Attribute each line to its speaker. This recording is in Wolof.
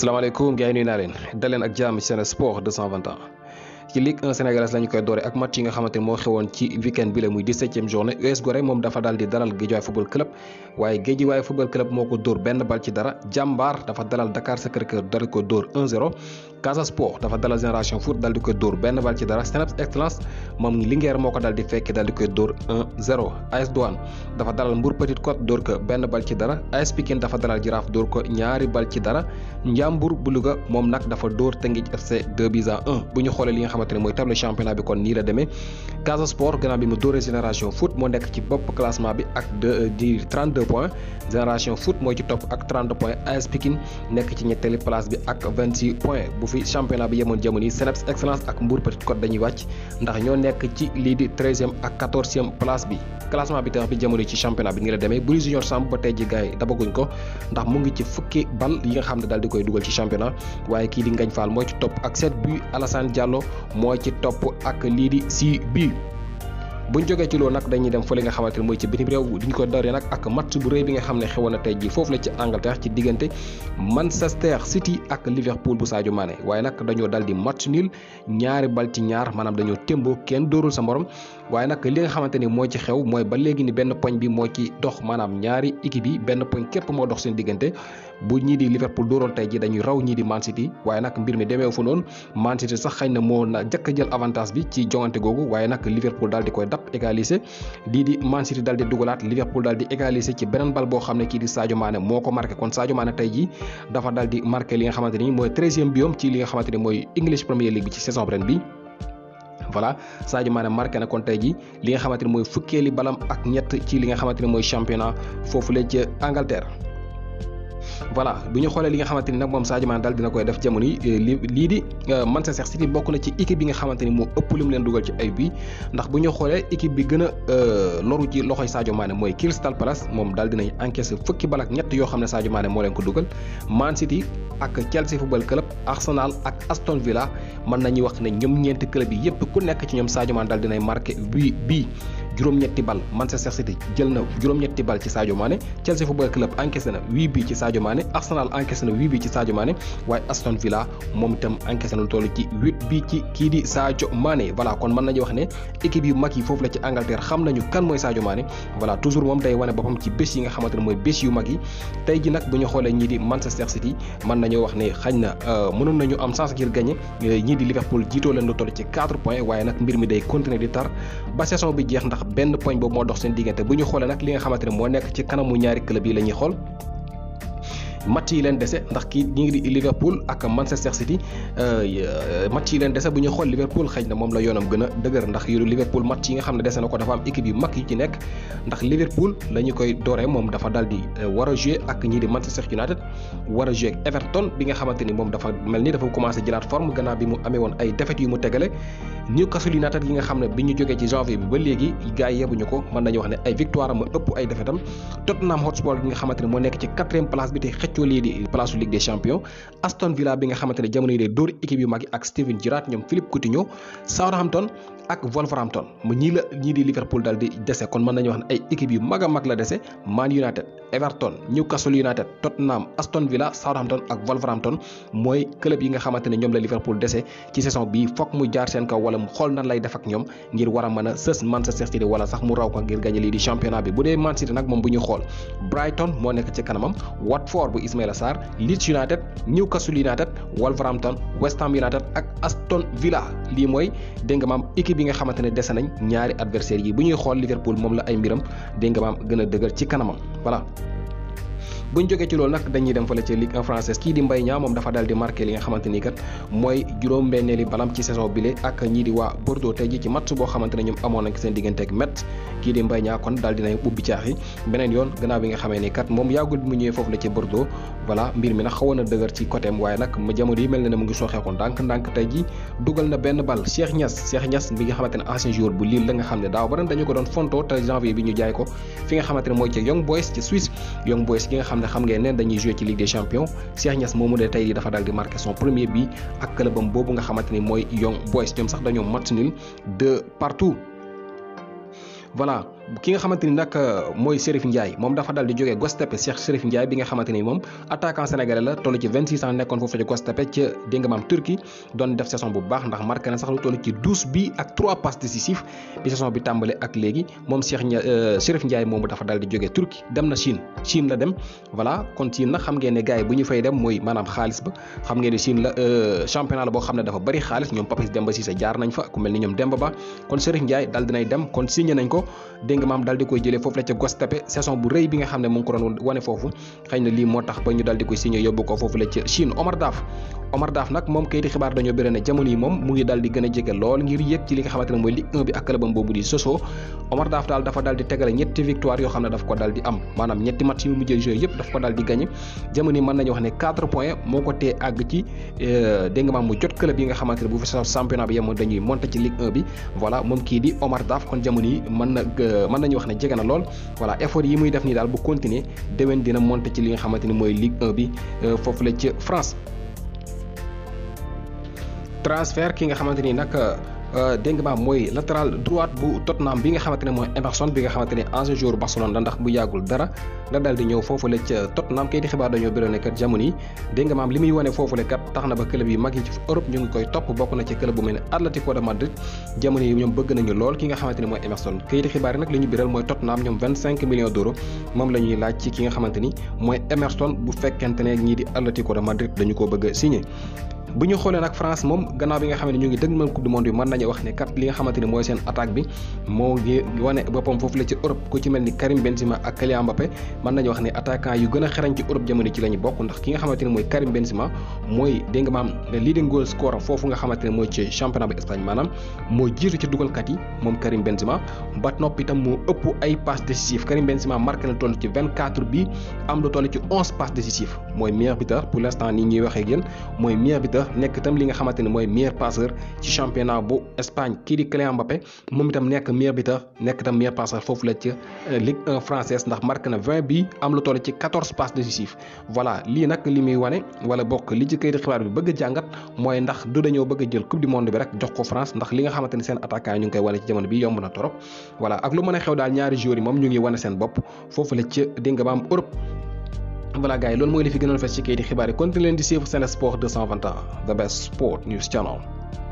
Speaker 1: salaamaaleykum gars yi nuyu naa leen daleen ak jàmm ci Sen Sports 221 ci Ligue 1 sénégalaise lañu koy doore ak match yi nga xamante ni moo xewoon ci weekend bi la muy 17e journée US Gorée moom dafa daal di dalal Guédiawaye football club waaye Guédiawaye football club moo ko dóor benn bal ci dara Jàmbaar dafa dalal Dakar Sacré-Cœur dal ko dóor 1-0 Casa dafa dalal Génération Foot dal di koy dóor benn bal ci dara Sénéps Excellence moom Linguère moo ko dal di fekki dal di koy dóor 1-0 AS Douane dafa dalal xamante ne mooy tableau championnat bi kon nii la demee Casa Sport gannaaw bi mu dóoree génération foot moo nekk ci bopp classement bi ak euh, di 32 points génération foot moo ci topp ak 30 points AS Pikine nekk ci ñetteeli place bi ak 26 points bu fi championnat bi yemoon jamono yi Seneps Excellence ak Mbour Petite Côte dañuy wàcc ndax ñoo nekk ci lii di 13e ak 14e place bi classement bi tax bi jamono ci championnat bi nii la demee Buri Junior Samb ba tey ji gars yi dabaguñ ko ndax mu ngi ci fukki bal yi nga xam ne daal di koy dugal ci championnat waaye kii di Ngagne Fall moo ci topp ak 7 buts Alassane Diallo mooy ci topp ak lii di si bu buñ jógee ci loolu nag dañuy dem li nga xamante ne mooy ci bitim réew diñ ko daree nag ak match bu rëy bi nga xam ne xewoon na tey jii foofu la ci Angleterre ci diggante Manchester City ak Liverpool bu Sadio Mané waaye nag dañoo dal di match nul ñaari bal ci ñaar maanaam dañoo témboo kenn dóorul sa morom waaye nag li nga xamante ni moo ci xew mooy ba léegi ni benn poñ bi moo ci dox maanaam ñaari équipe bi benn poñ képp moo dox seen diggante bu ñii di Liverpool dooroon tey ji dañuy raw ñii di Man City waaye nag mbir mi demeewu fa noonu Man City sax xëy na moo na jëkk jël avantage bi ci jongante googu waaye nag Liverpool daal di koy dab égaliser lii di Man City daal di dugalaat Liverpool daal di égaliser ci beneen bal boo xam ne kii di Sadio Mané moo ko marqué kon Sadio Mané tey ji dafa daal di marqué li nga xamante ni mooy treizième biom ci li nga xamante ni mooy English Premier League bi ci saison ren bi voilà Sadio marqué na kon tey ji li nga xamante ni mooy fukkeeli balam ak ñett ci li nga xamante ni mooy championnat foofu la ca Angleterre voilà bu ñu xoolee li nga xamante ni nag moom Sadio Mané dina koy def jamono yi euh, lii di euh, Manchester City bokk na ci équipe bi nga xamante ni moo ëpp lim leen dugal ci ay bii ndax bu ñu xoolee équipe bi gën a euh, loru ci loxoy Sadio Mané mooy Crystal Palace moom daal dinañ encaissé fukki bal ñett yoo xam ne Sadio Mané moo leen ko dugal Man City ak Chelsea Football Club Arsenal ak Aston Villa mën nañu wax ne ñoom ñeenti club yi yépp ku nekk ci ñoom Sadio Mané daal dinay bi bii juróom-ñetti bal Manchester City jël na juróom-ñetti bal ci Sadio Mané Chelsea Football Club encaissé na bi ci Sadio Mané Arsenal encaissé na bi ci Sadio Mané waaye Aston Villa moom itam encaissé lu toll ci 8 bi ci kii di Sadio Mané voilà kon mën nañu wax ne équipe yu mag yi foofu la ci Angleterre xam nañu kan mooy Sadio Mané voilà toujours moom day wane boppam ci bés yi nga xamante ne mooy bés yu mag yi tey ji nag bu ñu xoolee ñii di Manchester na euh, mënoon nañu am chance ngir gagné euh, benn poñ boobu moo dox seen diggante bu ñu xoolee nag li nga xamante moo nekk ci kanamu ñaari club yi la ñuy xool match yi leen dese ndax kii ñu ngi di Liverpool ak Manchester City euh, euh, match yi leen dese bu ñu xool Liverpool xëy na moom la yoonam gën a dëgër ndax yu Liverpool match yi nga xam ne dese na ko dafa am équipe yu mag yi ci nekk ndax Liverpool la koy dooree moom dafa daal di euh, war a jouer ak ñii di Manchester United war a jouer Everton bi nga xamante ni moom dafa mel ni dafa commencé jëlaat forme gannaaw bi mu amee woon ay défaites yu mu tegale Newcastle United yi nga xam ne bi ñu jógee ci janvier ko mën nañu wax ne ay victoire am ëpp moo nekk ci quatrième tool di place Ligue des champions Aston Villa bi nga xamante ne jamono yi dee dóor équipe yu mag yi ak Steven Gerrard ñoom Philippe Coutinho Southampton ak Wolverhampton mu ñii la ñii di Liverpool daal di dese kon mën nañu wax ne ay équipe yu mag a mag la dese Man United Everton Newcastle United Tottenham Aston Villa Southampton ak Wolverhampton mooy club yi nga xamante ñoom la Liverpool dese ci saison bii foog mu jaar seen kaw wala mu xool nan lay def ak ñoom ngir war a mën a sës bi bu dee Man bu Ismaïla Sarr Leeds United Newcastle United Wolverhampton West Ham United ak Aston Villa lii mooy dégg nga maam équipe yi nga xamante ne dese nañ ñaari adversaire yi bu ñuy xool Liverpool moom la ay mbiram dégg nga gën a dëgër ci kanamam voilà. bu ñu jógee ci loolu nag dañuy dem fële ca Ligue 1 française kii di Mbaye Niang moom dafa daal di marqué li nga xamante ni kat mooy juróom-benneeli balam ci saison bile ak ñii di waa Bordeaux tey ji ci match boo xamante ne ñoom amoon nañ seen diggante ak Metz kii di Mbaye Niang kon daal dinañ ubbi caaxi beneen yoon gannaaw bi nga xamee ni kat moom yàggul bi mu ñëwee foofu la ca Bordeaux voilà mbir mi nag xawoon na dëgër ci côté am waaye nag ma jamono yi mel na ne mu ngi sooxeeku ndànk-ndànk tey ji dugal na benn bal Cheikh Niass Cheikh Niass mi nga xamante ne ancien joueur bu Lille la nga xam ne daaw ba dañu ko doon fontoo te janvier bi ñu jaay ko fi nga xamante ne mooy ci Young Boys ci Suisse Young Boys gi nga xam ne xam ngeen ne dañuy joué ci Ligue des Champions Cheikh Niass moomu ne tey yi dafa daal di marqué son premier but ak clubam boobu nga xamante ki nga xamante ni nag euh, mooy Chérif Ndiaye moom dafa dal di jógee Gostepe Cheikh Chérif Ndiaye bi nga xamante ni moom attaquant sénégalais la toll ci 26 ans nekkoon foofu ci Gostepe ca dégg nga maam Turquie doon def saison bu baax ndax marqué na sax lu moom euh, dafa dal di jógee Turquie dem na Chine Chine la dem voilà kon Chine nag xam ngeen ne gars bu ñu fay dem mooy maanaam xaalis ba xam ngeen ne Chine la euh, championnat la boo xam ne dafa bari xaalis ñoom Papis Demba Cissé jaar nañ fa ku mel ni ñoom Demba Ba kon Chérif Ndiaye dal nga maam dal di koy jëlee foofu la ca Göztepe saison bu rëy bi nga xam ne mu ko doon wane foofu xëy na lii moo tax ba ñu dal koy signé yóbbu ko foofu la ca Chine Omar Daf Omar Daf nag moom kayiti di Omar Daf kon jamono yi mën na euh, mën nañu wax ne jege na lool voilà effort yi muy def nii daal bu continuer déwén dina monter ci li nga xamante ni mooy Ligue 1 bi euh, foofu la ca France transfert ki nga xamante ni nag Euh, dégg nga mooy latéral droite bu Tottenham bi nga xamante ne mooy Emerson bi nga xamante ne ancien ndax bu yàggul dara la daal di ñëw foofule ca Tottenham kayit xibaar yi dégg na ba club yi mag yi ci Europe ñu ngi koy topp bokk na ci club bu mel ne Atlético de lool ki nga xamante ne mooy Emerson kayit xibaar yi nag li ñu biral mooy Tottenham ñoom 25 millions d'euros moom la ñuy laaj ci ki nga xamante ni mooy Emerson bu fekkente ne ñii di Atlético Madrid dañu ko bëgg signé bu ñu xoolee nag France moom gannaaw bi nga xam ne ñu ngi dëgmal coupe du monde bi mën nañu wax ne kat li nga xamante ni mooy seen attaque bi moo ngi wane boppam foofu la ci Europe ku ci mel ni Karim Benzema ak Kylian Mbappé mën nañu wax ne attaquant yu gën a ci Europe jamono ci la bokk ndax ki nga xamante mooy Karim Benzema mooy dégg nga maam leading goal foofu nga xamante ne mooy ci championnat bu Espagne maanaam moo jiitu ci dugalkat yi moom Karim Morata nekk itam li nga xamanteni moy meilleur passeur ci championnat bu Espagne ki di Kylian Mbappé mom itam nek meilleur buteur nek tam meilleur passeur fofu la ci euh, Ligue 1 française ndax marqué na 20 bi am lu toll ci 14 passes décisives voilà li nak li muy wane wala bok li ci këyit xibaar bi bëgg jàngat moy ndax du dañoo bëgg jël coupe du monde bi rek jox ko France ndax li nga xamanteni ni seen attaquant ñu ngi koy wane ci jamono bi yomb na torop voilà ak lu mëna xew daal ñaari joueur yi mom ñu ngi wane seen bop fofu la ci dénga ba am Europe voilà loolu mooy li fi gënoon fes ci kayiti xibaar yi continuez di suivre Sen Sport 221 the best sport news channel